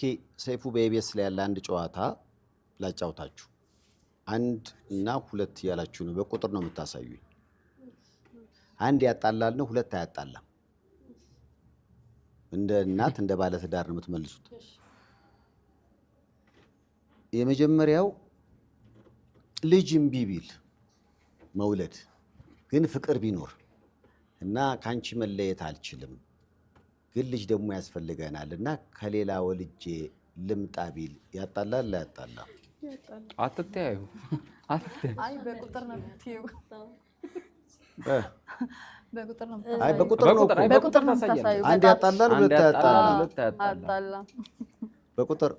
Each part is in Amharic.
እስኪ ሰይፉ በኢቢኤስ ላይ ያለ አንድ ጨዋታ ላጫውታችሁ። አንድ እና ሁለት እያላችሁ ነው፣ በቁጥር ነው የምታሳዩኝ። አንድ ያጣላል ነው፣ ሁለት አያጣላም። እንደ እናት እንደ ባለትዳር ነው የምትመልሱት። የመጀመሪያው ልጅ እምቢ ቢል መውለድ ግን ፍቅር ቢኖር እና ከአንቺ መለየት አልችልም ግን ልጅ ደግሞ ያስፈልገናል እና ከሌላ ወልጄ ልምጣ ቢል ያጣላል ያጣላ አትተያዩ በቁጥር ነው በቁጥር ነው ታሳዩ አንድ ያጣላል ሁለት ያጣላ በቁጥር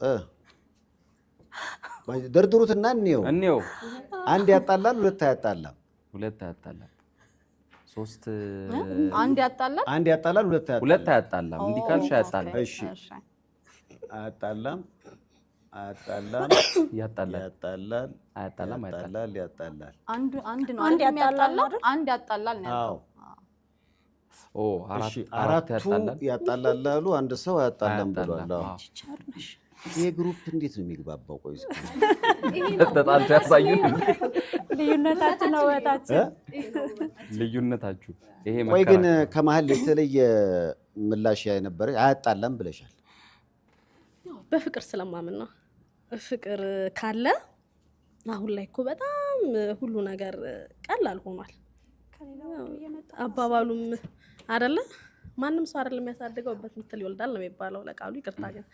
ደርድሩትና እንየው አንድ ያጣላል ሁለት አያጣላም ሁለት ያጣላል ሶስት አንድ ያጣላል፣ አንድ ያጣላል፣ ሁለት ያጣላል፣ ሁለት አያጣላም። እንዲህ ካልሽ አያጣላም። እሺ አያጣላም፣ አያጣላም፣ ያጣላል፣ ያጣላል፣ አያጣላም፣ ያጣላል፣ ያጣላል። አንድ አንድ ነው። አንድ ያጣላል፣ አንድ ያጣላል ሁለት ያጣላል ሁለት ያጣላል። እንዲህ ካልሽ አያጣላም እሺ አያጣላም አያጣላም ያጣላል ያጣላል አያጣላም ያጣላል ያጣላል አንድ አንድ ነው አንድ ያጣላል አንድ ያጣላል ነው አዎ ኦ አራት አራት ያጣላል አሉ። አንድ ሰው አያጣላም ብሏል። አዎ ይሄ ግሩፕ እንዴት ነው የሚግባባው? ቆይ ተጣልቶ ያሳዩን ልዩነታችን ነው ወታችን ልዩነታችሁ ይሄ። ቆይ ግን ከመሀል የተለየ ምላሽ የነበረ አያጣላም ብለሻል። በፍቅር ስለማምን ነው። ፍቅር ካለ አሁን ላይ እኮ በጣም ሁሉ ነገር ቀላል ሆኗል። አባባሉም አይደለ ማንም ሰው አደለም የሚያሳድገው በት ምትል ይወልዳል ነው የሚባለው። ለቃሉ ይቅርታ ግን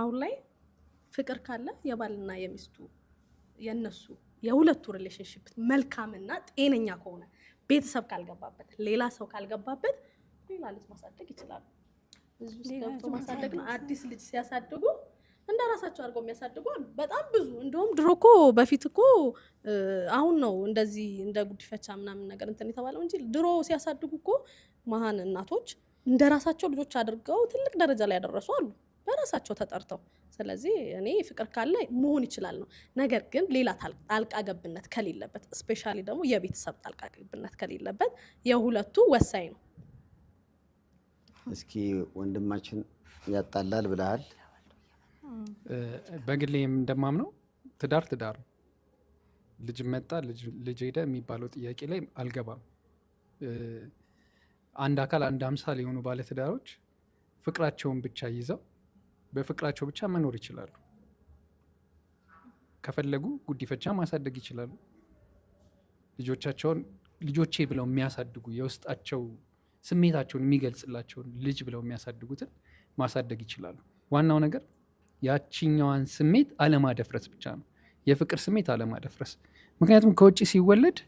አሁን ላይ ፍቅር ካለ የባልና የሚስቱ የነሱ የሁለቱ ሪሌሽንሽፕ መልካምና ጤነኛ ከሆነ ቤተሰብ ካልገባበት፣ ሌላ ሰው ካልገባበት ሌላ ልጅ ማሳደግ ይችላሉ። ገብቶ ማሳደግ ነው። አዲስ ልጅ ሲያሳድጉ እንደ ራሳቸው አድርገው የሚያሳድጉ በጣም ብዙ። እንደውም ድሮ እኮ በፊት እኮ አሁን ነው እንደዚህ እንደ ጉዲፈቻ ምናምን ነገር እንትን የተባለው እንጂ ድሮ ሲያሳድጉ እኮ መሀን እናቶች እንደ ራሳቸው ልጆች አድርገው ትልቅ ደረጃ ላይ ያደረሱ አሉ። በራሳቸው ተጠርተው። ስለዚህ እኔ ፍቅር ካለ መሆን ይችላል ነው። ነገር ግን ሌላ ጣልቃ ገብነት ከሌለበት፣ እስፔሻሊ ደግሞ የቤተሰብ ጣልቃ ገብነት ከሌለበት የሁለቱ ወሳኝ ነው። እስኪ ወንድማችን ያጣላል ብለሃል። በግሌም እንደማምነው ትዳር ትዳር ልጅ መጣ ልጅ ሄደ የሚባለው ጥያቄ ላይ አልገባም። አንድ አካል አንድ አምሳል የሆኑ ባለትዳሮች ፍቅራቸውን ብቻ ይዘው በፍቅራቸው ብቻ መኖር ይችላሉ። ከፈለጉ ጉዲፈቻ ማሳደግ ይችላሉ። ልጆቻቸውን ልጆቼ ብለው የሚያሳድጉ የውስጣቸው ስሜታቸውን የሚገልጽላቸውን ልጅ ብለው የሚያሳድጉትን ማሳደግ ይችላሉ። ዋናው ነገር ያችኛዋን ስሜት አለማደፍረስ ብቻ ነው፣ የፍቅር ስሜት አለማደፍረስ። ምክንያቱም ከውጭ ሲወለድ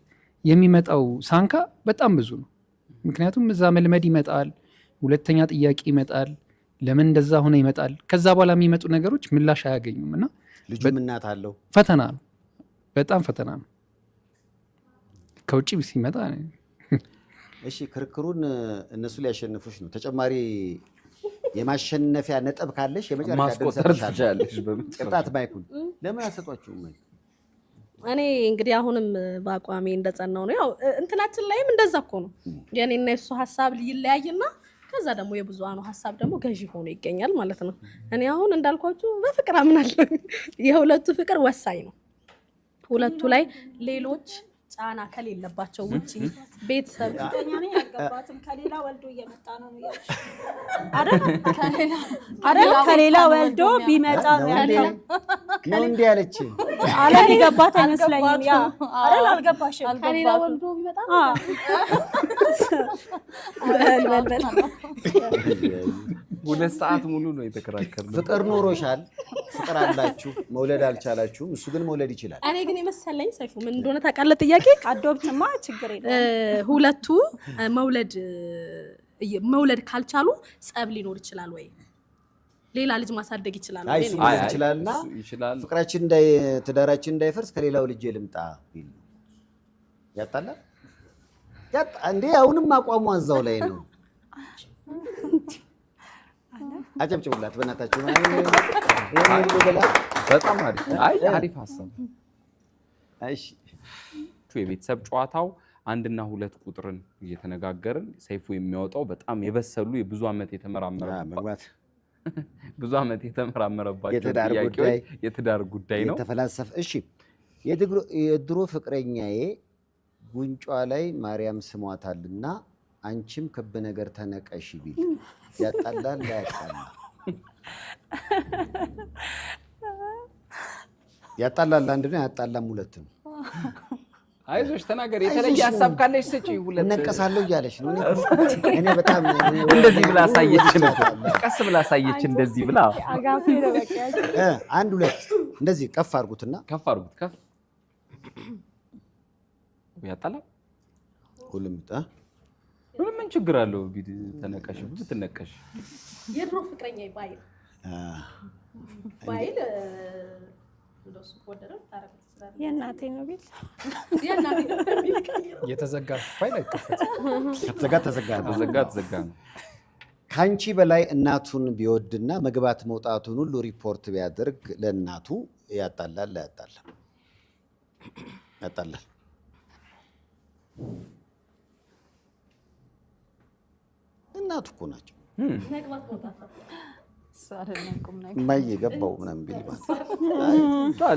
የሚመጣው ሳንካ በጣም ብዙ ነው። ምክንያቱም እዛ መልመድ ይመጣል፣ ሁለተኛ ጥያቄ ይመጣል፣ ለምን እንደዛ ሆነ ይመጣል። ከዛ በኋላ የሚመጡ ነገሮች ምላሽ አያገኙም እና ልጁም እናት አለው። ፈተና ነው፣ በጣም ፈተና ነው። ከውጭ ሲመጣ እሺ፣ ክርክሩን እነሱ ሊያሸንፉሽ ነው። ተጨማሪ የማሸነፊያ ነጥብ ካለሽ የመጨረሻቅጣት ማይኩን ለምን አሰጧችሁ? እኔ እንግዲህ አሁንም በአቋሜ እንደጸናው ነው። ያው እንትናችን ላይም እንደዛ እኮ ነው። የእኔና የሱ ሀሳብ ይለያይና ከዛ ደግሞ የብዙሃኑ ሀሳብ ደግሞ ገዢ ሆኖ ይገኛል ማለት ነው። እኔ አሁን እንዳልኳችሁ በፍቅር አምናለሁ። የሁለቱ ፍቅር ወሳኝ ነው። ሁለቱ ላይ ሌሎች ጫና ከሌለባቸው ውጭ ቤተሰብ ከሌላ ወልዶ እየመጣ ነው ከሌላ ወልዶ ቢመጣ ነው እንዲህ ያለች አለን ሊገባት አይመስለኝም። አልገባሽም? ከሌላ ወልዶ ቢመጣ ሁለት ሰዓት ሙሉ ነው የተከራከርነው። ፍቅር ኖሮሻል፣ ፍቅር አላችሁ፣ መውለድ አልቻላችሁም። እሱ ግን መውለድ ይችላል። እኔ ግን የመሰለኝ ሰይፉ ምን እንደሆነ ታውቃለህ? ጥያቄ አዶብትማ ችግር የለም። ሁለቱ መውለድ መውለድ ካልቻሉ ጸብ ሊኖር ይችላል ወይ ሌላ ልጅ ማሳደግ ይችላል ይችላልና ፍቅራችን ትዳራችን እንዳይፈርስ ከሌላው ልጅ ልምጣ ቢል ያጣላል። እንዴ አሁንም አቋሙ እዛው ላይ ነው። አጨብጭቡላት በእናታችሁ። በጣም አሪፍ አይ አሪፍ ሀሳብ። እሺ የቤተሰብ ጨዋታው አንድና ሁለት ቁጥርን እየተነጋገርን ሰይፉ የሚያወጣው በጣም የበሰሉ የብዙ ዓመት የተመራመረባት ብዙ ዓመት የተመራመረባቸው ጥያቄዎች የትዳር ጉዳይ ነው የተፈላሰፈ እሺ የድሮ ፍቅረኛዬ ጉንጯ ላይ ማርያም ስሟታልና አንቺም ክብ ነገር ተነቀሽ ቢል ያጣላል ላያጣላ ያጣላል አንድ ነው ያጣላም ሁለት ነው። አይዞሽ ተናገር። የተለየ ሀሳብ ካለሽ ስጪ። ሁለት እነቀሳለሁ እያለሽ ነው። እኔ በጣም እንደዚህ ብላ አሳየች፣ ቀስ ብላ አሳየች፣ እንደዚህ ብላ አንድ ሁለት እንደዚህ ከፍ አድርጉትና ከፍ አድርጉት፣ ከፍ ያጣላል ሁሉም ችግር አለው? ተነቀሽ ብትነቀሽ የድሮ ፍቅረኛ ባይል ባይል የእናቴ ነው ቢል የተዘጋ ፋይል ተዘጋ ተዘጋ ተዘጋ ነው። ከአንቺ በላይ እናቱን ቢወድና መግባት መውጣቱን ሁሉ ሪፖርት ቢያደርግ ለእናቱ ያጣላል፣ ያጣላል፣ ያጣላል። እናቱ እኮ ናቸው። የገባው ምናምን ቢል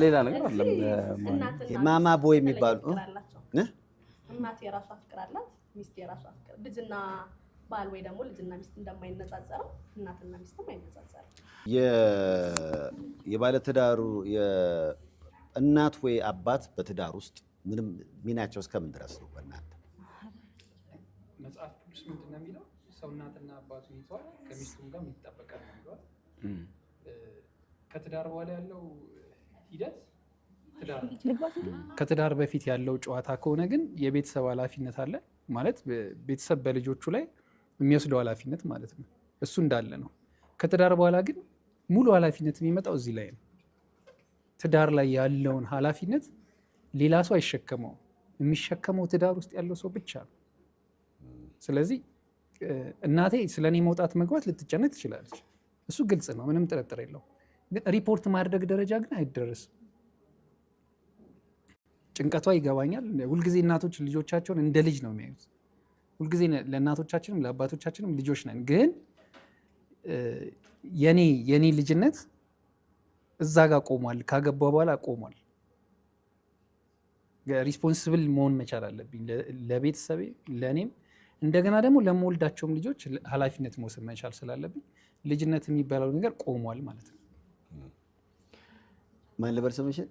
ሌላ ነገር አለም ማማ ቦ የሚባሉ እናት የራሷ ፍቅር አላት፣ ሚስት የራሷ ፍቅር። ልጅና ባል ወይ ደግሞ ልጅና ሚስት እንደማይነጻጸረው እናትና ሚስትም አይነጻጸርም። የባለትዳሩ እናት ወይ አባት በትዳር ውስጥ ምንም ሚናቸው እስከምን ድረስ ነው? በእናንተ መጽሐፍ ቅዱስ ምንድን ነው የሚለው? ሰው እናትና አባቱን ከሚስቱም ጋር ነው ይለዋል። ከትዳር በኋላ ያለው ሂደት ከትዳር በፊት ያለው ጨዋታ ከሆነ ግን የቤተሰብ ኃላፊነት አለ ማለት ቤተሰብ በልጆቹ ላይ የሚወስደው ኃላፊነት ማለት ነው። እሱ እንዳለ ነው። ከትዳር በኋላ ግን ሙሉ ኃላፊነት የሚመጣው እዚህ ላይ ነው። ትዳር ላይ ያለውን ኃላፊነት ሌላ ሰው አይሸከመውም። የሚሸከመው ትዳር ውስጥ ያለው ሰው ብቻ ነው። ስለዚህ እናቴ ስለ እኔ መውጣት መግባት ልትጨነቅ ትችላለች። እሱ ግልጽ ነው፣ ምንም ጥርጥር የለው። ግን ሪፖርት ማድረግ ደረጃ ግን አይደረስም። ጭንቀቷ ይገባኛል። ሁልጊዜ እናቶች ልጆቻቸውን እንደ ልጅ ነው የሚያዩት። ሁልጊዜ ለእናቶቻችንም ለአባቶቻችንም ልጆች ነን። ግን የኔ የኔ ልጅነት እዛ ጋር ቆሟል። ካገባ በኋላ ቆሟል። ሪስፖንስብል መሆን መቻል አለብኝ ለቤተሰቤ ለእኔም እንደገና ደግሞ ለመወልዳቸውም ልጆች ኃላፊነት መውሰድ መቻል ስላለብኝ ልጅነት የሚባለው ነገር ቆሟል ማለት ነው። ማን ልበል ስምሽን?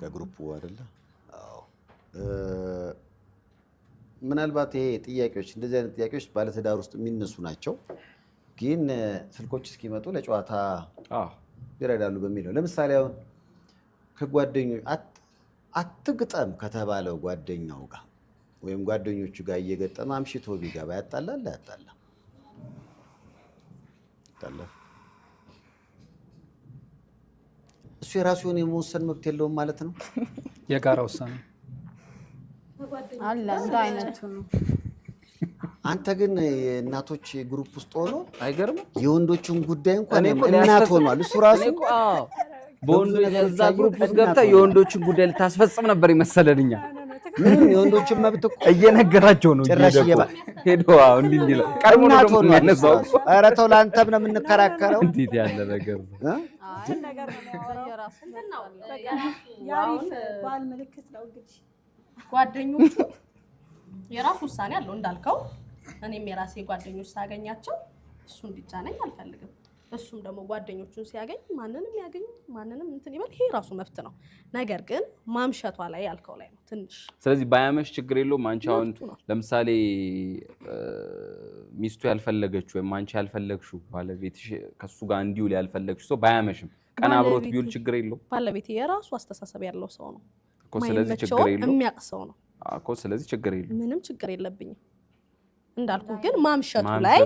ከግሩፕ አደለ? ምናልባት ይሄ ጥያቄዎች እንደዚህ አይነት ጥያቄዎች ባለትዳር ውስጥ የሚነሱ ናቸው፣ ግን ስልኮች እስኪመጡ ለጨዋታ ይረዳሉ በሚለው ለምሳሌ አሁን ከጓደኞ አትግጠም ከተባለው ጓደኛው ጋር ወይም ጓደኞቹ ጋር እየገጠመ አምሽቶ ቢገባ ያጣላል ያጣላ እሱ የራሱን የመወሰን መብት የለውም ማለት ነው። የጋራ ውሳኔ አለ እንደ አይነቱ ነው። አንተ ግን የእናቶች ግሩፕ ውስጥ ሆኖ አይገርምም? የወንዶችን ጉዳይ እንኳን እናት ሆኗል እሱ ራሱ። በወንዶች እዛ ግሩፕ ውስጥ ገብተህ የወንዶችን ጉዳይ ልታስፈጽም ነበር ይመሰለንኛል ምንም የወንዶችን መብት እኮ እየነገራቸው ነው። ጭራሽ ቀድሞ ኧረ ተው፣ ለአንተም ነው የምንከራከረው። እንዴት ያለ ነገር ጓደኞቹ የራሱ ውሳኔ አለው እንዳልከው። እኔም የራሴ ጓደኞች ሳገኛቸው እሱ እንዲጫነኝ አልፈልግም። እሱም ደግሞ ጓደኞቹን ሲያገኝ ማንንም ያገኝ ማንንም እንትን ይበል፣ ይሄ ራሱ መብት ነው። ነገር ግን ማምሸቷ ላይ ያልከው ላይ ነው ትንሽ። ስለዚህ ባያመሽ ችግር የለውም። አንቺ አሁን ለምሳሌ ሚስቱ ያልፈለገችው ወይም አንቺ ያልፈለግሽው ባለቤትሽ ከሱ ጋር እንዲውል ያልፈለግሽ ሰው ባያመሽም ቀን አብሮት ቢውል ችግር የለውም። ባለቤት የራሱ አስተሳሰብ ያለው ሰው ነው። ስለዚህ ችግር የለውም። የሚያውቅ ሰው ነው እኮ። ስለዚህ ችግር የለውም። ምንም ችግር የለብኝም። እንዳልኩ ግን ማምሸቱ ላይ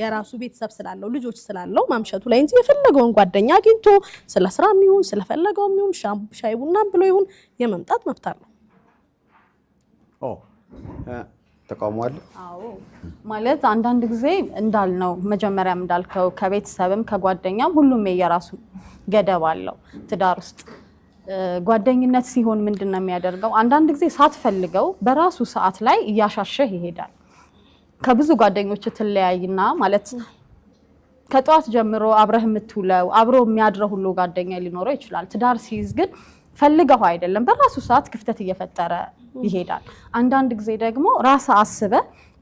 የራሱ ቤተሰብ ስላለው ልጆች ስላለው ማምሸቱ ላይ እንጂ የፈለገውን ጓደኛ አግኝቶ ስለ ስራ የሚሆን ስለፈለገው የሚሆን ሻይ ቡናም ብሎ ይሁን የመምጣት መብት አለው። ተቃውሟል። ማለት አንዳንድ ጊዜ እንዳልነው መጀመሪያም እንዳልከው ከቤተሰብም ከጓደኛም ሁሉም የየራሱ ገደብ አለው ትዳር ውስጥ ጓደኝነት ሲሆን ምንድን ነው የሚያደርገው? አንዳንድ ጊዜ ሳትፈልገው በራሱ ሰዓት ላይ እያሻሸህ ይሄዳል። ከብዙ ጓደኞች ትለያይና ማለት ከጠዋት ጀምሮ አብረህ የምትውለው አብሮ የሚያድረው ሁሉ ጓደኛ ሊኖረው ይችላል። ትዳር ሲይዝ ግን ፈልገው አይደለም፣ በራሱ ሰዓት ክፍተት እየፈጠረ ይሄዳል። አንዳንድ ጊዜ ደግሞ ራስ አስበ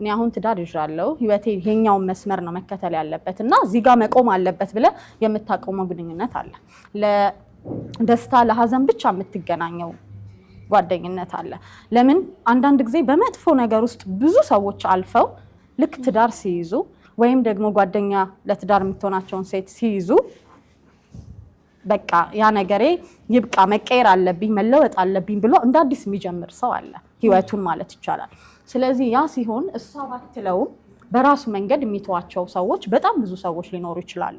እኔ አሁን ትዳር ይዣለሁ፣ ህይወቴ ይሄኛውን መስመር ነው መከተል ያለበት እና እዚህ ጋር መቆም አለበት ብለ የምታቆመው ግንኙነት አለ። ለደስታ ለሀዘን ብቻ የምትገናኘው ጓደኝነት አለ። ለምን አንዳንድ ጊዜ በመጥፎ ነገር ውስጥ ብዙ ሰዎች አልፈው ልክ ትዳር ሲይዙ ወይም ደግሞ ጓደኛ ለትዳር የምትሆናቸውን ሴት ሲይዙ በቃ ያ ነገሬ ይብቃ፣ መቀየር አለብኝ፣ መለወጥ አለብኝ ብሎ እንደ አዲስ የሚጀምር ሰው አለ፣ ህይወቱን ማለት ይቻላል። ስለዚህ ያ ሲሆን እሷ ባትለውም በራሱ መንገድ የሚተዋቸው ሰዎች በጣም ብዙ ሰዎች ሊኖሩ ይችላሉ።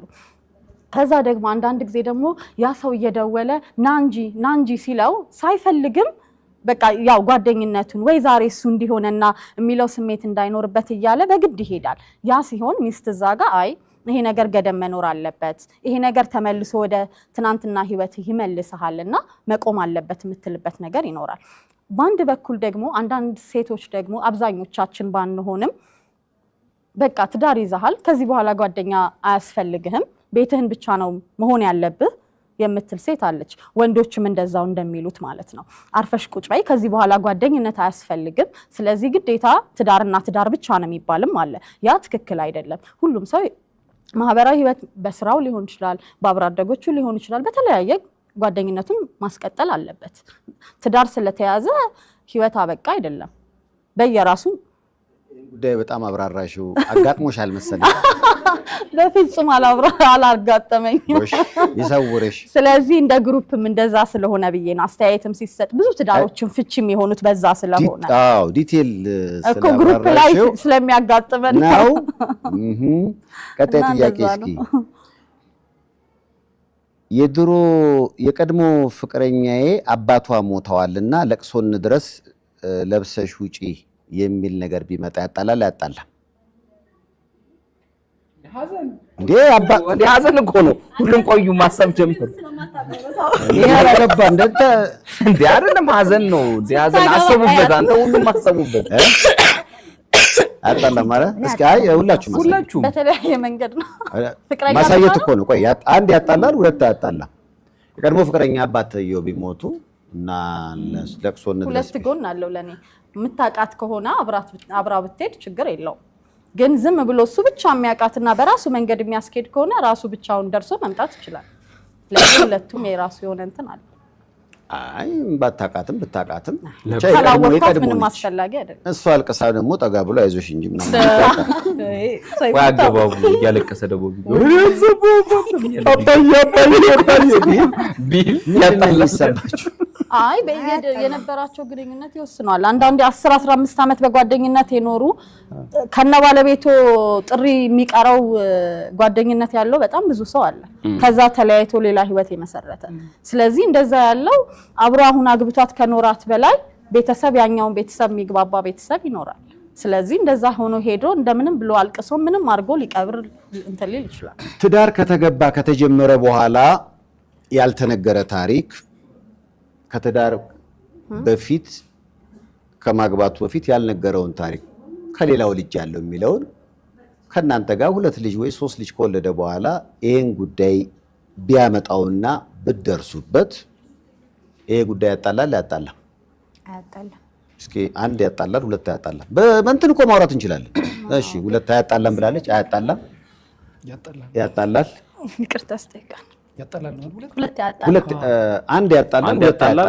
ከዛ ደግሞ አንዳንድ ጊዜ ደግሞ ያ ሰው እየደወለ ናንጂ ናንጂ ሲለው ሳይፈልግም በቃ ያው ጓደኝነቱን ወይ ዛሬ እሱ እንዲሆነና የሚለው ስሜት እንዳይኖርበት እያለ በግድ ይሄዳል። ያ ሲሆን ሚስት እዛ ጋ አይ ይሄ ነገር ገደም መኖር አለበት፣ ይሄ ነገር ተመልሶ ወደ ትናንትና ህይወት ይመልስሃል እና መቆም አለበት የምትልበት ነገር ይኖራል። በአንድ በኩል ደግሞ አንዳንድ ሴቶች ደግሞ አብዛኞቻችን ባንሆንም በቃ ትዳር ይዛሃል፣ ከዚህ በኋላ ጓደኛ አያስፈልግህም፣ ቤትህን ብቻ ነው መሆን ያለብህ የምትል ሴት አለች። ወንዶችም እንደዛው እንደሚሉት ማለት ነው። አርፈሽ ቁጭ በይ፣ ከዚህ በኋላ ጓደኝነት አያስፈልግም። ስለዚህ ግዴታ ትዳርና ትዳር ብቻ ነው የሚባልም አለ። ያ ትክክል አይደለም። ሁሉም ሰው ማህበራዊ ህይወት በስራው ሊሆን ይችላል፣ በአብሮ አደጎቹ ሊሆን ይችላል፣ በተለያየ ጓደኝነቱም ማስቀጠል አለበት። ትዳር ስለተያዘ ህይወት አበቃ አይደለም። በየራሱ ጉዳይ በጣም አብራራሽ አጋጥሞሽ መሰለኝ። በፍጹም አላጋጠመኝም፣ ይሰውርሽ። ስለዚህ እንደ ግሩፕም እንደዛ ስለሆነ ብዬ ነው አስተያየትም ሲሰጥ ብዙ ትዳሮችን ፍቺም የሆኑት በዛ ስለሆነ ዲቴል እኮ ግሩፕ ላይ ስለሚያጋጥመን ነው። ቀጣይ ጥያቄ እስኪ የድሮ የቀድሞ ፍቅረኛዬ አባቷ ሞተዋልና ለቅሶን ድረስ ለብሰሽ ውጪ የሚል ነገር ቢመጣ ያጣላል አያጣላም? እንደ ሀዘን እኮ ነው። ሁሉም ቆዩ ማሰብ ጀምር። ይህ አላገባ እንደ አይደለም ሀዘን ነው። ሀዘን አሰቡበት። አንተ ሁሉም አሰቡበት። አጣላ ማለት እስኪ አይ ሁላችሁ ሁላችሁም በተለያየ መንገድ ነው ማሳየት እኮ ነው። ቆይ አንድ ያጣላል፣ ሁለት ያጣላ። የቀድሞ ፍቅረኛ አባትየው ቢሞቱ እና ለቅሶ ሁለት ጎን አለው ለኔ የምታውቃት ከሆነ አብራ ብትሄድ ችግር የለውም። ግን ዝም ብሎ እሱ ብቻ የሚያውቃትና በራሱ መንገድ የሚያስኬድ ከሆነ ራሱ ብቻውን ደርሶ መምጣት ይችላል። ለሁለቱም የራሱ የሆነ እንትን አለ። አይ ባታውቃትም ብታውቃትም ካላወቅኳት ምንም አስፈላጊ አይደለም። እሱ አልቅሳ ደግሞ ጠጋ ብሎ አይዞሽ እንጂ አገባቡ እያለቀሰ ደግሞ ቢል ያጣ ይሰማችሁ አይ የነበራቸው ግንኙነት ይወስነዋል። አንዳንዴ አስር አስራ አምስት ዓመት በጓደኝነት የኖሩ ከነ ባለቤቱ ጥሪ የሚቀረው ጓደኝነት ያለው በጣም ብዙ ሰው አለ፣ ከዛ ተለያይቶ ሌላ ህይወት የመሰረተ። ስለዚህ እንደዛ ያለው አብሮ አሁን አግብቷት ከኖራት በላይ ቤተሰብ ያኛውን ቤተሰብ የሚግባባ ቤተሰብ ይኖራል። ስለዚህ እንደዛ ሆኖ ሄዶ እንደምንም ብሎ አልቅሶ ምንም አድርጎ ሊቀብር እንትን ሊል ይችላል። ትዳር ከተገባ ከተጀመረ በኋላ ያልተነገረ ታሪክ ከትዳር በፊት ከማግባቱ በፊት ያልነገረውን ታሪክ ከሌላው ልጅ ያለው የሚለውን ከእናንተ ጋር ሁለት ልጅ ወይ ሶስት ልጅ ከወለደ በኋላ ይህን ጉዳይ ቢያመጣውና ብደርሱበት ይሄ ጉዳይ ያጣላል አያጣላም? እስኪ አንድ ያጣላል፣ ሁለት አያጣላም። በእንትን እኮ ማውራት እንችላለን። እሺ ሁለት አያጣላም ብላለች። አያጣላም፣ ያጣላል። ይቅርታ ያጣላል ነው። ሁለት አንድ ያጣላል ሁለት ያጣላል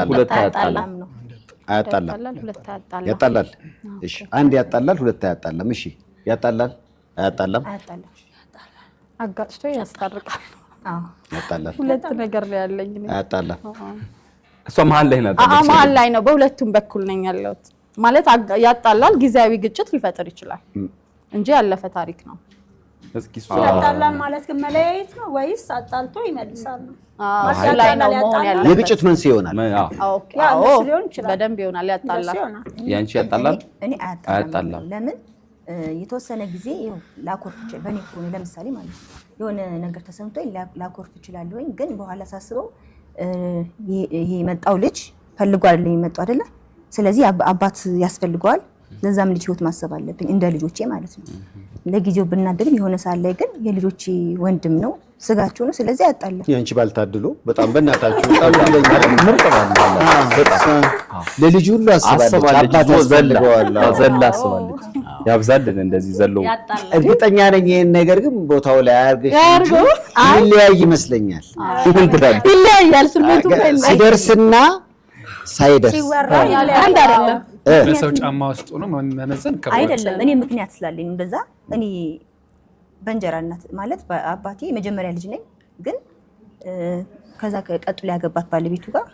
ሁለት ያጣላል ነው እሺ አንድ ያጣላል ሁለት አያጣላም። እሺ ያጣላል አያጣላም አጋጭቶ ያስታርቃል። ያጣላል ሁለት ነገር ላይ ያለኝ አያጣላም። እሷ መሀል ላይ ናት። አዎ መሀል ላይ ነው። በሁለቱም በኩል ነኝ ያለሁት ማለት ያጣላል። ጊዜያዊ ግጭት ሊፈጥር ይችላል እንጂ ያለፈ ታሪክ ነው። ያጣላል ማለት ግን መለያየት ነው ወይስ አጣልቶ ይመልሳል? ነው የግጭት መንስኤ ይሆናል። በደንብ ይሆናል። ያጣላል። ያንቺ ያጣላል፣ አያጣላም። ለምን የተወሰነ ጊዜ ላኮርፍ ይችላል። በእኔ ለምሳሌ ማለት ነው የሆነ ነገር ተሰምቶኝ ላኮርፍ እችላለሁ። ግን በኋላ ሳስበው ይሄ የመጣው ልጅ ፈልጎ አይደለም የመጣው አይደለ፣ ስለዚህ አባት ያስፈልገዋል ለዛም ልጅ ህይወት ማሰብ አለብኝ እንደ ልጆቼ ማለት ነው። ለጊዜው ብናደግም የሆነ ሰዓት ላይ ግን የልጆቼ ወንድም ነው ስጋችሁ ነው። ስለዚህ ያጣለ የአንቺ ባልታድሎ በጣም በእናታችሁ ለልጅ ሁሉ አስባለች። ያብዛልን እንደዚህ ዘሎ እርግጠኛ ነኝ። ይህን ነገር ግን ቦታው ላይ አያርገሽ ይለያይ ይመስለኛል። ይለያያል ስሜቱ ሲደርስና ሳይደርስ አንድ አይደለም። በሰው ጫማ ውስጥ ሆኖ መመዘን አይደለም። እኔ ምክንያት ስላለኝ እንደዛ እኔ በእንጀራ እናት ማለት አባቴ የመጀመሪያ ልጅ ነኝ። ግን ከዛ ቀጥሎ ያገባት ባለቤቱ ጋር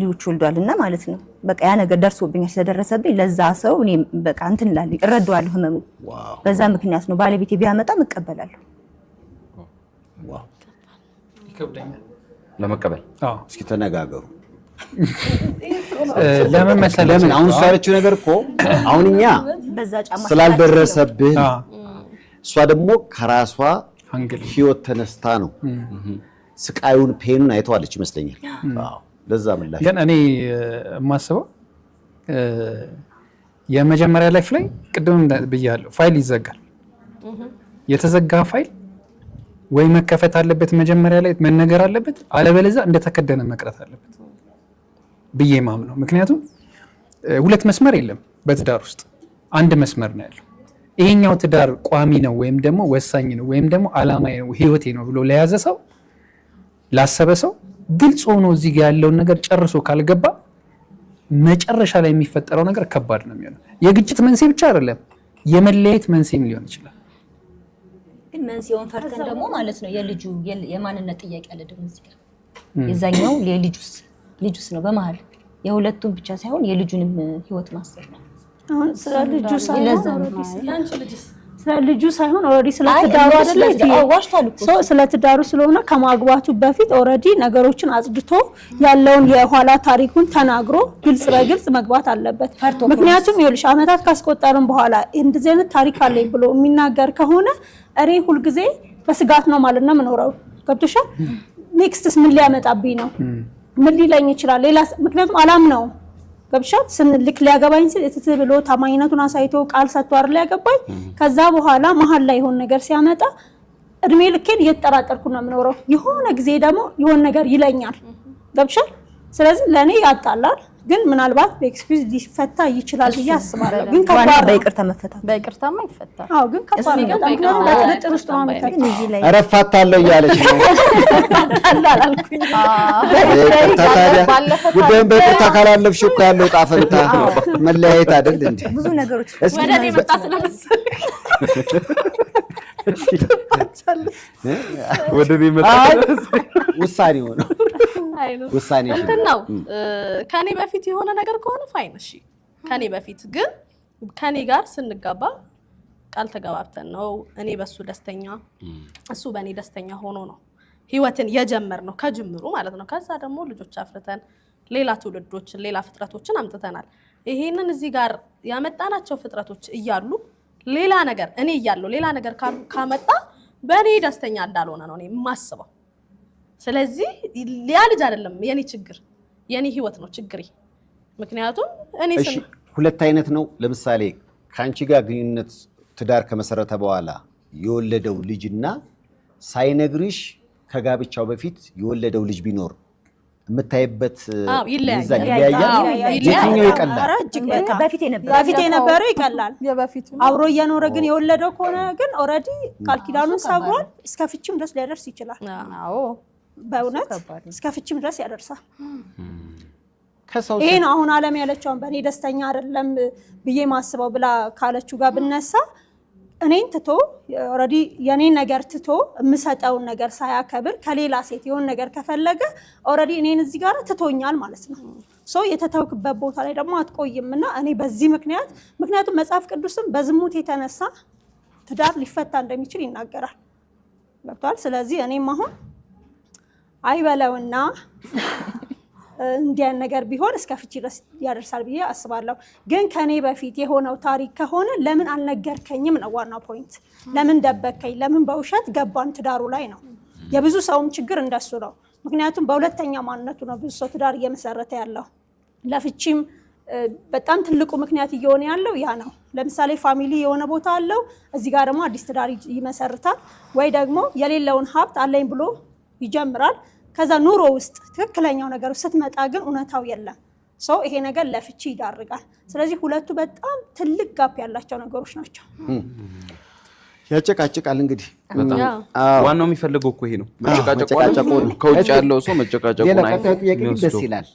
ልጆች ወልዷል እና ማለት ነው በቃ ያ ነገር ደርሶብኛል። ስለደረሰብኝ ለዛ ሰው እኔ በቃ እንትን እላለሁ፣ እረዳዋለሁ ህመሙ። በዛ ምክንያት ነው ባለቤቴ ቢያመጣም እቀበላለሁ። ለመቀበል እስኪ ተነጋገሩ ለምን መሰለህ? ለምን አሁን እሷ ያለችው ነገር እኮ አሁን እኛ ስላልደረሰብህ እሷ ደግሞ ከራሷ ህይወት ተነስታ ነው ስቃዩን ፔኑን አይተዋለች ይመስለኛል። ለዛ ምላሽ ግን እኔ የማስበው የመጀመሪያ ላይፍ ላይ ቅድም ብያለሁ፣ ፋይል ይዘጋል። የተዘጋ ፋይል ወይ መከፈት አለበት መጀመሪያ ላይ መነገር አለበት፣ አለበለዚያ እንደተከደነ መቅረት አለበት። ብዬ ማም ነው። ምክንያቱም ሁለት መስመር የለም በትዳር ውስጥ አንድ መስመር ነው ያለው። ይሄኛው ትዳር ቋሚ ነው ወይም ደግሞ ወሳኝ ነው ወይም ደግሞ አላማ ነው ህይወቴ ነው ብሎ ለያዘ ሰው ላሰበ ሰው ግልጽ ሆኖ እዚህ ጋር ያለውን ነገር ጨርሶ ካልገባ መጨረሻ ላይ የሚፈጠረው ነገር ከባድ ነው የሚሆነው። የግጭት መንስኤ ብቻ አይደለም፣ የመለየት መንስኤም ሊሆን ይችላል። ግን መንስኤውን ፈርተን ደግሞ ማለት ነው የልጁ የማንነት ጥያቄ አለ ደግሞ እዚህ ጋር የዛኛው የልጁስ ልጁስ ነው በመሀል የሁለቱም ብቻ ሳይሆን የልጁንም ህይወት ማሰብ ነው። ስለ ልጁ ሳይሆን ኦልሬዲ ስለትዳሩ ትዳሩ ስለ ትዳሩ ስለሆነ ከማግባቱ በፊት ኦልሬዲ ነገሮችን አጽድቶ ያለውን የኋላ ታሪኩን ተናግሮ ግልጽ በግልጽ መግባት አለበት። ምክንያቱም ይኸውልሽ ዓመታት ካስቆጠርን በኋላ እንደዚህ አይነት ታሪክ አለኝ ብሎ የሚናገር ከሆነ እኔ ሁልጊዜ በስጋት ነው ማለት ነው የምኖረው። ገብቶሻል? ኔክስትስ ምን ሊያመጣብኝ ነው ምን ሊለኝ ይችላል? ሌላ ምክንያቱም አላም ነው ገብሻት ስንልክ ሊያገባኝ ሲል እትት ብሎ ታማኝነቱን አሳይቶ ቃል ሰጥቶ አይደል ያገባኝ። ከዛ በኋላ መሀል ላይ የሆነ ነገር ሲያመጣ እድሜ ልኬን እየተጠራጠርኩ ነው የምኖረው። የሆነ ጊዜ ደግሞ የሆነ ነገር ይለኛል። ገብሻል ስለዚህ ለእኔ ያጣላል ግን ምናልባት በኤክስኪውዝ ሊፈታ ይችላል ብዬ አስባለሁ። ግን ከባድ በይቅርታ መፈታት በይቅርታማ ይፈታል። አዎ ግን ከባድ ነው። ምክንያቱም በጥርጥር ውስጥ ነው ማለት ነው። እዚህ ላይ እረፋታለሁ እያለች ነው። ጉዳዩን በይቅርታ ካላለፍሽ እኮ ያለው ጣፈንታ መለያየት አይደል እንዴ? ብዙ ነገሮች ወደ እኔ መጣ ስለመሰለኝ ወደ እኔ መጣ ውሳኔ ሆነው ውሳኔ እንትን ነው። ከኔ በፊት የሆነ ነገር ከሆነ ፋይን እሺ። ከኔ በፊት ግን ከኔ ጋር ስንገባ ቃል ተገባብተን ነው። እኔ በሱ ደስተኛ፣ እሱ በእኔ ደስተኛ ሆኖ ነው ህይወትን የጀመር ነው ከጅምሩ ማለት ነው። ከዛ ደግሞ ልጆች አፍርተን ሌላ ትውልዶችን ሌላ ፍጥረቶችን አምጥተናል። ይሄንን እዚህ ጋር ያመጣናቸው ፍጥረቶች እያሉ ሌላ ነገር እኔ እያለው ሌላ ነገር ካመጣ በእኔ ደስተኛ እንዳልሆነ ነው እኔ የማስበው። ስለዚህ ያ ልጅ አይደለም የኔ ችግር፣ የኔ ህይወት ነው ችግሬ። ምክንያቱም እኔ ሁለት አይነት ነው። ለምሳሌ ከአንቺ ጋር ግንኙነት ትዳር ከመሰረተ በኋላ የወለደው ልጅና ሳይነግርሽ ከጋብቻው በፊት የወለደው ልጅ ቢኖር የምታይበት ሚዛን ይለያያል። ይቀላል? በፊት የነበረው ይቀላል። አብሮ እየኖረ ግን የወለደው ከሆነ ግን ኦልሬዲ ቃል ኪዳኑን ሰብሯል። እስከ ፍቺም ድረስ ሊያደርስ ይችላል። በእውነት እስከ ፍቺም ድረስ ያደርሳል። ይህን አሁን አለም ያለችውን በእኔ ደስተኛ አይደለም ብዬ ማስበው ብላ ካለችው ጋር ብነሳ እኔን ትቶ ኦልሬዲ የእኔን ነገር ትቶ የምሰጠውን ነገር ሳያከብር ከሌላ ሴት የሆን ነገር ከፈለገ ኦልሬዲ እኔን እዚህ ጋር ትቶኛል ማለት ነው። ሶ የተተውክበት ቦታ ላይ ደግሞ አትቆይም እና እኔ በዚህ ምክንያት ምክንያቱም መጽሐፍ ቅዱስም በዝሙት የተነሳ ትዳር ሊፈታ እንደሚችል ይናገራል። ገብቷል። ስለዚህ እኔም አሁን አይበለውና እንዲያን ነገር ቢሆን እስከ ፍቺ ድረስ ያደርሳል ብዬ አስባለሁ። ግን ከኔ በፊት የሆነው ታሪክ ከሆነ ለምን አልነገርከኝም ነው ዋናው ፖይንት። ለምን ደበከኝ? ለምን በውሸት ገባን ትዳሩ ላይ ነው። የብዙ ሰውም ችግር እንደሱ ነው። ምክንያቱም በሁለተኛ ማንነቱ ነው ብዙ ሰው ትዳር እየመሰረተ ያለው። ለፍቺም በጣም ትልቁ ምክንያት እየሆነ ያለው ያ ነው። ለምሳሌ ፋሚሊ የሆነ ቦታ አለው፣ እዚህ ጋር ደግሞ አዲስ ትዳር ይመሰርታል። ወይ ደግሞ የሌለውን ሀብት አለኝ ብሎ ይጀምራል ከዛ ኑሮ ውስጥ ትክክለኛው ነገር ስትመጣ ግን እውነታው የለም። ሰው ይሄ ነገር ለፍቺ ይዳርጋል። ስለዚህ ሁለቱ በጣም ትልቅ ጋፕ ያላቸው ነገሮች ናቸው። ያጨቃጭቃል እንግዲህ ዋናው የሚፈልገው እኮ ይሄ ነው። ከውጭ ያለው ሰው መጨቃጨቁን ደስ ይላል።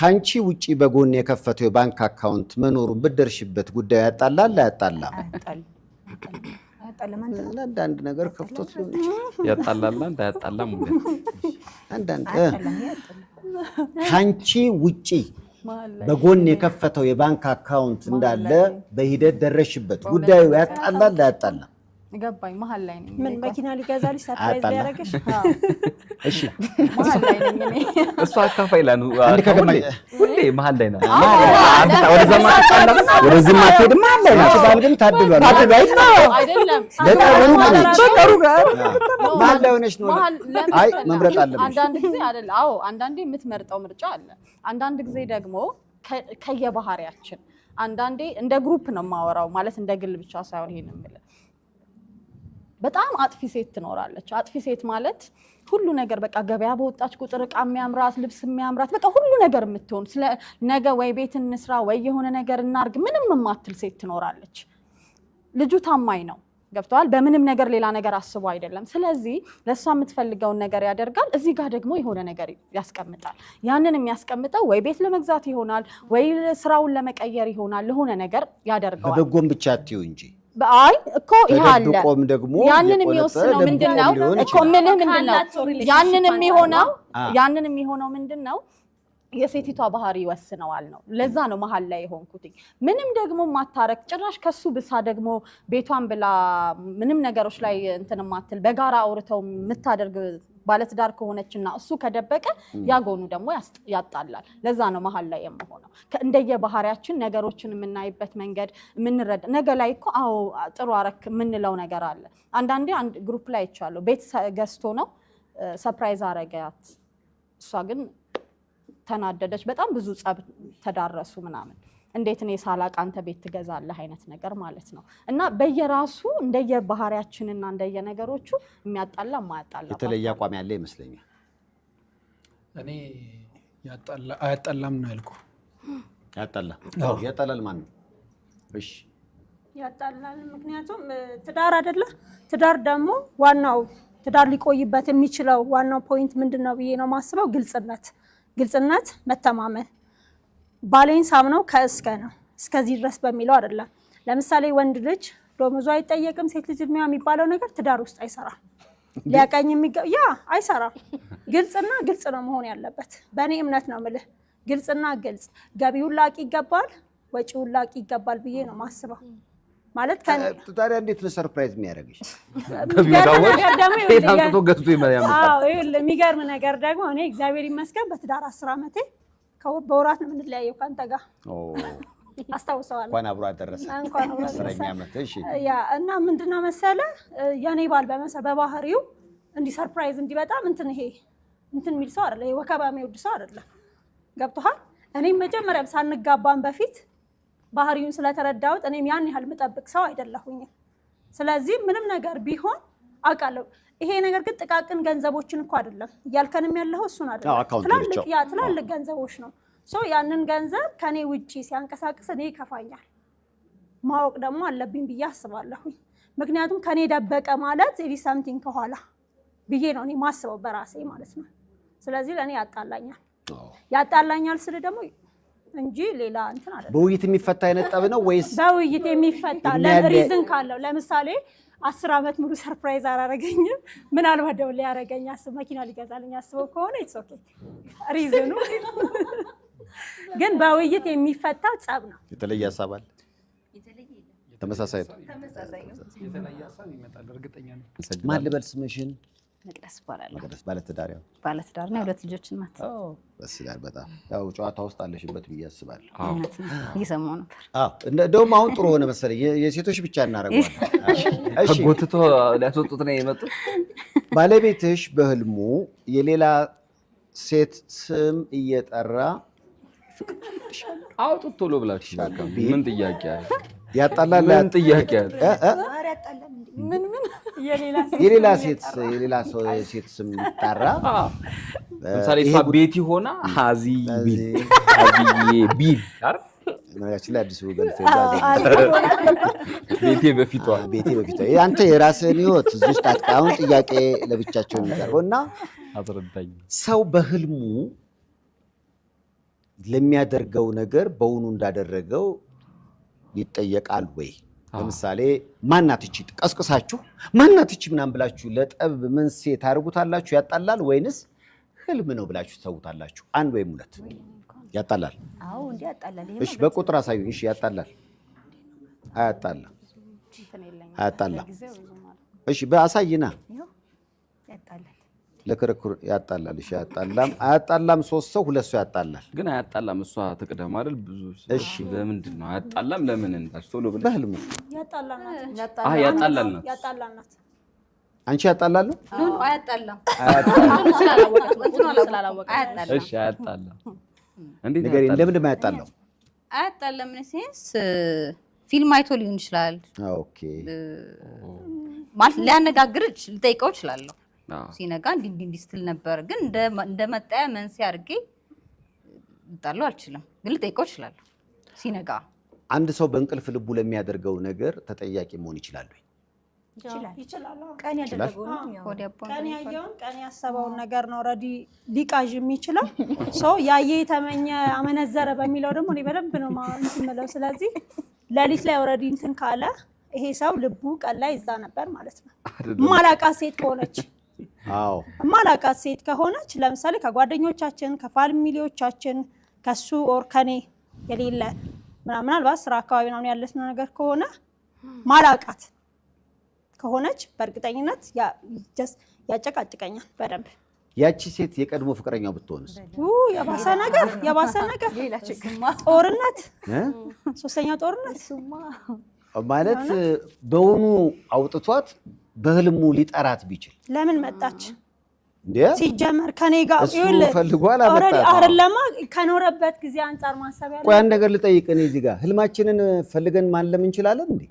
ከአንቺ ውጭ በጎን የከፈተው የባንክ አካውንት መኖሩን ብደርሽበት ጉዳዩ ያጣላል አያጣላም? ያጣ አንዳንድ ነገር ከፍቶት ሊሆን ይችላል። ያጣላላ እንዳያጣላም አንዳንድ ከአንቺ ውጪ በጎን የከፈተው የባንክ አካውንት እንዳለ በሂደት ደረሽበት። ጉዳዩ ያጣላል እንዳያጣላም ገባኝ። መሀል ላይ ነኝ። ምን መኪና ሊገዛልሽ ሰርፕራይዝ ሊያደርግሽ? እሺ፣ እሱ አካፋይ ላይ ሁሌ መሀል ላይ ነው። መሀል ላይ ነው። ባል ግን ታድሏል። አይደለም መሀል ላይ ሆነሽ ነው። አይ መምረጥ አለብሽ። አንዳንድ ጊዜ አዎ፣ አንዳንዴ የምትመርጠው ምርጫ አለ። አንዳንድ ጊዜ ደግሞ ከየባህሪያችን አንዳንዴ እንደ ግሩፕ ነው የማወራው ማለት እንደ ግል ብቻ ሳይሆን ይሄን የምልህ በጣም አጥፊ ሴት ትኖራለች። አጥፊ ሴት ማለት ሁሉ ነገር በቃ ገበያ በወጣች ቁጥር እቃ የሚያምራት ልብስ የሚያምራት በቃ ሁሉ ነገር የምትሆን ስለ ነገ ወይ ቤት እንስራ ወይ የሆነ ነገር እናርግ ምንም የማትል ሴት ትኖራለች። ልጁ ታማኝ ነው። ገብተዋል። በምንም ነገር ሌላ ነገር አስቦ አይደለም። ስለዚህ ለእሷ የምትፈልገውን ነገር ያደርጋል። እዚህ ጋር ደግሞ የሆነ ነገር ያስቀምጣል። ያንን የሚያስቀምጠው ወይ ቤት ለመግዛት ይሆናል፣ ወይ ስራውን ለመቀየር ይሆናል። ለሆነ ነገር ያደርገዋል። በበጎም ብቻ ትዩ እንጂ አይ እኮ ይሄ አለ። ያንን የሚወስነው ምንድን ነው እኮ የምልህ ምንድን ነው ያንን የሚሆነው ያንን የሚሆነው ምንድን ነው የሴቲቷ ባህሪ ይወስነዋል ነው። ለዛ ነው መሀል ላይ የሆንኩት ምንም ደግሞ ማታረቅ ጭራሽ ከሱ ብሳ ደግሞ ቤቷን ብላ ምንም ነገሮች ላይ እንትን ማትል በጋራ አውርተው የምታደርግ ባለትዳር ከሆነችና እሱ ከደበቀ ያጎኑ ደግሞ ያጣላል። ለዛ ነው መሀል ላይ የምሆነው። እንደየ ባህሪያችን ነገሮችን የምናይበት መንገድ የምንረዳ ነገ ላይ እኮ አዎ ጥሩ አረክ የምንለው ነገር አለ። አንዳንዴ አንድ ግሩፕ ላይ ይቻለሁ ቤት ገዝቶ ነው ሰፕራይዝ አረገያት እሷ ግን ተናደደች። በጣም ብዙ ጸብ ተዳረሱ ምናምን እንዴት እኔ ሳላቅ አንተ ቤት ትገዛለህ አይነት ነገር ማለት ነው። እና በየራሱ እንደየባህሪያችንና እንደየነገሮቹ የሚያጣላ ማያጣላ የተለየ አቋም ያለ ይመስለኛል። እኔ አያጣላም ነው ያልኩ። ያጣላ ያጣላል ማን ነው? እሺ ያጣላል። ምክንያቱም ትዳር አይደለ? ትዳር ደግሞ ዋናው ትዳር ሊቆይበት የሚችለው ዋናው ፖይንት ምንድን ነው ብዬ ነው የማስበው፣ ግልጽነት፣ ግልጽነት፣ መተማመን ባሌን ሳምነው ከእስከ ነው እስከዚህ ድረስ በሚለው አይደለም። ለምሳሌ ወንድ ልጅ ደሞዙ አይጠየቅም። ሴት ልጅ እድሜዋ የሚባለው ነገር ትዳር ውስጥ አይሰራም። ሊያቀኝ የሚገ ያ አይሰራም። ግልጽና ግልጽ ነው መሆን ያለበት። በእኔ እምነት ነው ምልህ ግልጽና ግልጽ ገቢውን ላቂ ይገባል፣ ወጪውን ላቂ ይገባል ብዬ ነው ማስበው። ማለት ታዲያ እንዴት ነው ሰርፕራይዝ የሚያደርግሽ? የሚገርም ነገር ደግሞ እኔ እግዚአብሔር ይመስገን በትዳር አስር ዓመቴ በወራት ነው የምንለያየው ከአንተ ጋር አስታውሰዋለሁ። እንኳን አብሮ አደረሰ እንኳን አብሮ እሺ ያ እና ምንድነው መሰለ የኔ ባል በባህሪው እንዲህ ሰርፕራይዝ እንዲህ በጣም እንትን ይሄ እንትን የሚል ሰው አይደለ፣ ወከባ የሚወድ ሰው አይደለም። ገብቶሃል? እኔም መጀመሪያ ሳንጋባን በፊት ባህሪውን ስለተረዳሁት እኔም ያን ያህል የምጠብቅ ሰው አይደለሁኝም። ስለዚህ ምንም ነገር ቢሆን አውቃለሁ። ይሄ ነገር ግን ጥቃቅን ገንዘቦችን እኮ አይደለም እያልከንም ያለው እሱን አይደለም፣ ትላልቅ ገንዘቦች ነው። ያንን ገንዘብ ከኔ ውጪ ሲያንቀሳቅስ እኔ ይከፋኛል፣ ማወቅ ደግሞ አለብኝ ብዬ አስባለሁኝ። ምክንያቱም ከኔ ደበቀ ማለት ዚ ሳምቲንግ ከኋላ ብዬ ነው እኔ ማስበው በራሴ ማለት ነው። ስለዚህ ለእኔ ያጣላኛል ያጣላኛል ስል ደግሞ እንጂ ሌላ እንትን አይደለም። በውይይት የሚፈታ አይነት ጠብ ነው ወይስ በውይይት የሚፈታ ለሪዝን ካለው ለምሳሌ አስር ዓመት ሙሉ ሰርፕራይዝ አላረገኝም። ምናልባት ደውል ሊያረገኝ አስብ መኪና ሊገዛልኝ አስበው ከሆነ ኢትስ ኦኬ። ሪዝኑ ግን በውይይት የሚፈታ ጸብ ነው። የተለየ ሀሳብ አለ? ተመሳሳይ ነው። ተመሳሳይ ነው። ማን ልበል ስምሽን? መቅደስ ይባላል። መቅደስ ባለትዳር ያው ባለትዳር ነው፣ ሁለት ልጆች እናት። ደስ ይላል በጣም ያው ጨዋታ ውስጥ አለሽበት ብዬ አስባለሁ። እየሰማሁ ነበር። እንደውም አሁን ጥሩ ሆነ መሰለኝ። የሴቶች ብቻ እናደርገዋለን። ጎትቶ ሊያስወጡት ነው የመጡት። ባለቤትሽ በህልሙ የሌላ ሴት ስም እየጠራ አውጡት ቶሎ ብላችሁ ምን ጥያቄ አለ? ያጣላል። ጥያቄ ሴት የሌላ ሴት ስም ይጠራ። ለምሳሌ ቤቲ ሆና ቢል ነገራችን ላይ ቤቴ በፊቷ ቤቴ በፊቷ አንተ የራስህን ህይወት እዚህ ውስጥ ጥያቄ ለብቻቸው የሚቀርበው እና ሰው በህልሙ ለሚያደርገው ነገር በውኑ እንዳደረገው ይጠየቃል ወይ? ለምሳሌ ማናትቺ ቀስቅሳችሁ ማናትቺ ምናምን ብላችሁ ለጠብ መንስኤ ታደርጉታላችሁ? ያጣላል ወይንስ ህልም ነው ብላችሁ ተውታላችሁ? አንድ ወይም ሁለት ያጣላል። እሺ በቁጥር አሳዩኝ። እሺ ያጣላል። አያጣላ አያጣላ። እሺ በአሳይና ያጣላል ለክርክር ያጣላል። እሺ ያጣላም አያጣላም። ሶስት ሰው ሁለት ሰው ያጣላል፣ ግን አያጣላም። እሷ ትቅደም አይደል? ብዙ እሺ፣ ለምንድን ነው አያጣላም? ለምን እንዳል ቶሎ ብለህ በህልም ያጣላል ያጣላል፣ አንቺ ያጣላል ነው አያጣላም። እሺ አያጣላም። እንዴት ንገሪኝ፣ ለምንድን ነው አያጣላም? አያጣላም ሴንስ ፊልም አይቶ ሊሆን ይችላል። ኦኬ ማለት ሊያነጋግር ልጠይቀው እችላለሁ ሲነጋ እንዲህ እንዲህ ስትል ነበር፣ ግን እንደ መጣያ መንስኤ አድርጌ ልጣለው አልችልም፣ ግን ልጠይቀው እችላለሁ። ሲነጋ አንድ ሰው በእንቅልፍ ልቡ ለሚያደርገው ነገር ተጠያቂ መሆን ይችላል ቀን ያየውን ቀን ያሰበውን ነገር ነው ረዲ ሊቃዥ የሚችለው ሰው ያየ የተመኘ አመነዘረ በሚለው ደግሞ እኔ በደንብ ነው እንትን ስለዚህ ሌሊት ላይ ረዲ እንትን ካለ ይሄ ሰው ልቡ ቀን ላይ እዛ ነበር ማለት ነው። ማላቃ ሴት ከሆነች ማላቃት ሴት ከሆነች ለምሳሌ ከጓደኞቻችን፣ ከፋሚሊዎቻችን ከሱ ኦር ከኔ የሌለ ምናልባት ስራ አካባቢ ምናምን ያለች ነገር ከሆነ ማላቃት ከሆነች በእርግጠኝነት ያጨቃጭቀኛል በደንብ። ያቺ ሴት የቀድሞ ፍቅረኛው ብትሆንስ? የባሰ ነገር የባሰ ነገር ጦርነት፣ ሶስተኛው ጦርነት ማለት በውኑ አውጥቷት በህልሙ ሊጠራት ቢችል ለምን መጣች? ሲጀመር ከኔ ጋር ፈልጓል። አይደለማ ከኖረበት ጊዜ አንጻር ማሰብ ያለ። ቆይ አንድ ነገር ልጠይቅ። እኔ እዚህ ጋር ህልማችንን ፈልገን ማለም እንችላለን እንዴ?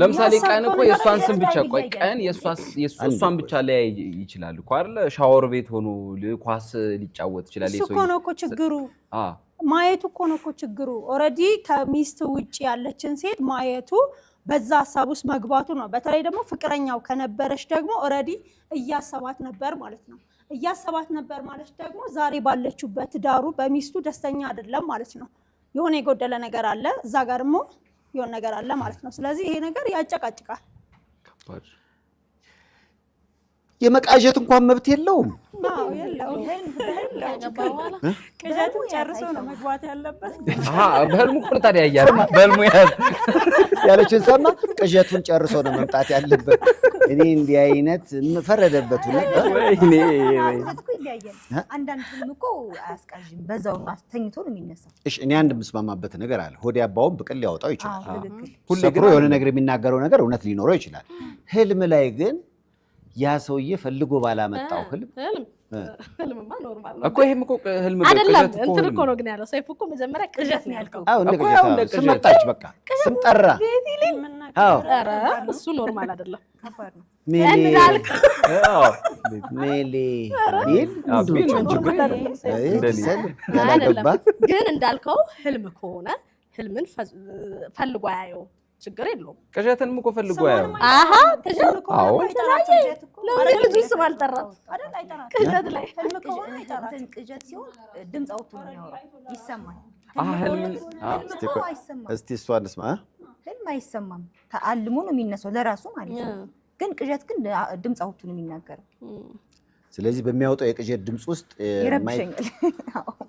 ለምሳሌ ቀን እኮ የእሷን ስም ብቻ ቆይ ቀን የእሷን ብቻ ላይ ይችላል እኮ አይደለ? ሻወር ቤት ሆኖ ኳስ ሊጫወት ይችላል። እሱ እኮ ነው እኮ ችግሩ ማየቱ እኮ ነው እኮ ችግሩ። ኦልሬዲ ከሚስት ውጭ ያለችን ሴት ማየቱ በዛ ሀሳብ ውስጥ መግባቱ ነው። በተለይ ደግሞ ፍቅረኛው ከነበረች ደግሞ ኦልሬዲ እያሰባት ነበር ማለት ነው። እያሰባት ነበር ማለት ደግሞ ዛሬ ባለችበት ዳሩ በሚስቱ ደስተኛ አይደለም ማለት ነው። የሆነ የጎደለ ነገር አለ፣ እዛ ጋር ደግሞ የሆነ ነገር አለ ማለት ነው። ስለዚህ ይሄ ነገር ያጨቃጭቃል። የመቃዠት እንኳን መብት የለውም። በህልሙ ቁር ታዲያ እያለ በህልሙ ያለችን ሰማ። ቅዠቱን ጨርሶ ነው መምጣት ያለበት። እኔ እንዲህ አይነት ፈረደበት እኔ አንድ የምስማማበት ነገር አለ። ሆዴ አባውን ብቅል ሊያወጣው ይችላል። ሁሌ ግን የሆነ ነገር የሚናገረው ነገር እውነት ሊኖረው ይችላል። ህልም ላይ ግን ያ ሰውዬ ፈልጎ ባላመጣው ህልም ኖርማል እኮ። ይሄም እኮ ህልም አይደለም እንትን እኮ ነው ግን ያለው ሰይፉ እኮ መጀመሪያ ቅዠት ነው ያልከው ስም መጣች፣ በቃ ስም ጠራ። እሱ ኖርማል አይደለም። ግን እንዳልከው ህልም ከሆነ ህልምን ፈልጎ አያየውም ችግር የለውም። ቅዠትንም እኮ ፈልጎ ያው ህልም አይሰማም፣ ተአልሞ ነው የሚነሳው ለራሱ ማለት ነው። ግን ቅዠት ግን ድምፅ ነው የሚናገረው። ስለዚህ በሚያወጣው የቅዠት ድምፅ ውስጥ ይረብሸኛል።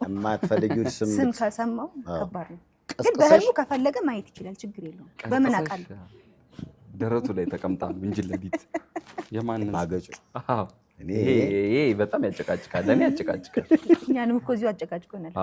የማትፈልጊውን ስም ከሰማው ከባድ ነው። ግን በህልሙ ከፈለገ ማየት ይችላል። ችግር የለውም። በምን አውቃለሁ? ደረቱ ላይ ተቀምጣ ምንጅል እንዲት የማንን ማገጭ በጣም ያጨቃጭቃል። ለእኔ ያጨቃጭቃል። እኛንም እኮ እዚሁ አጨቃጭቆናል።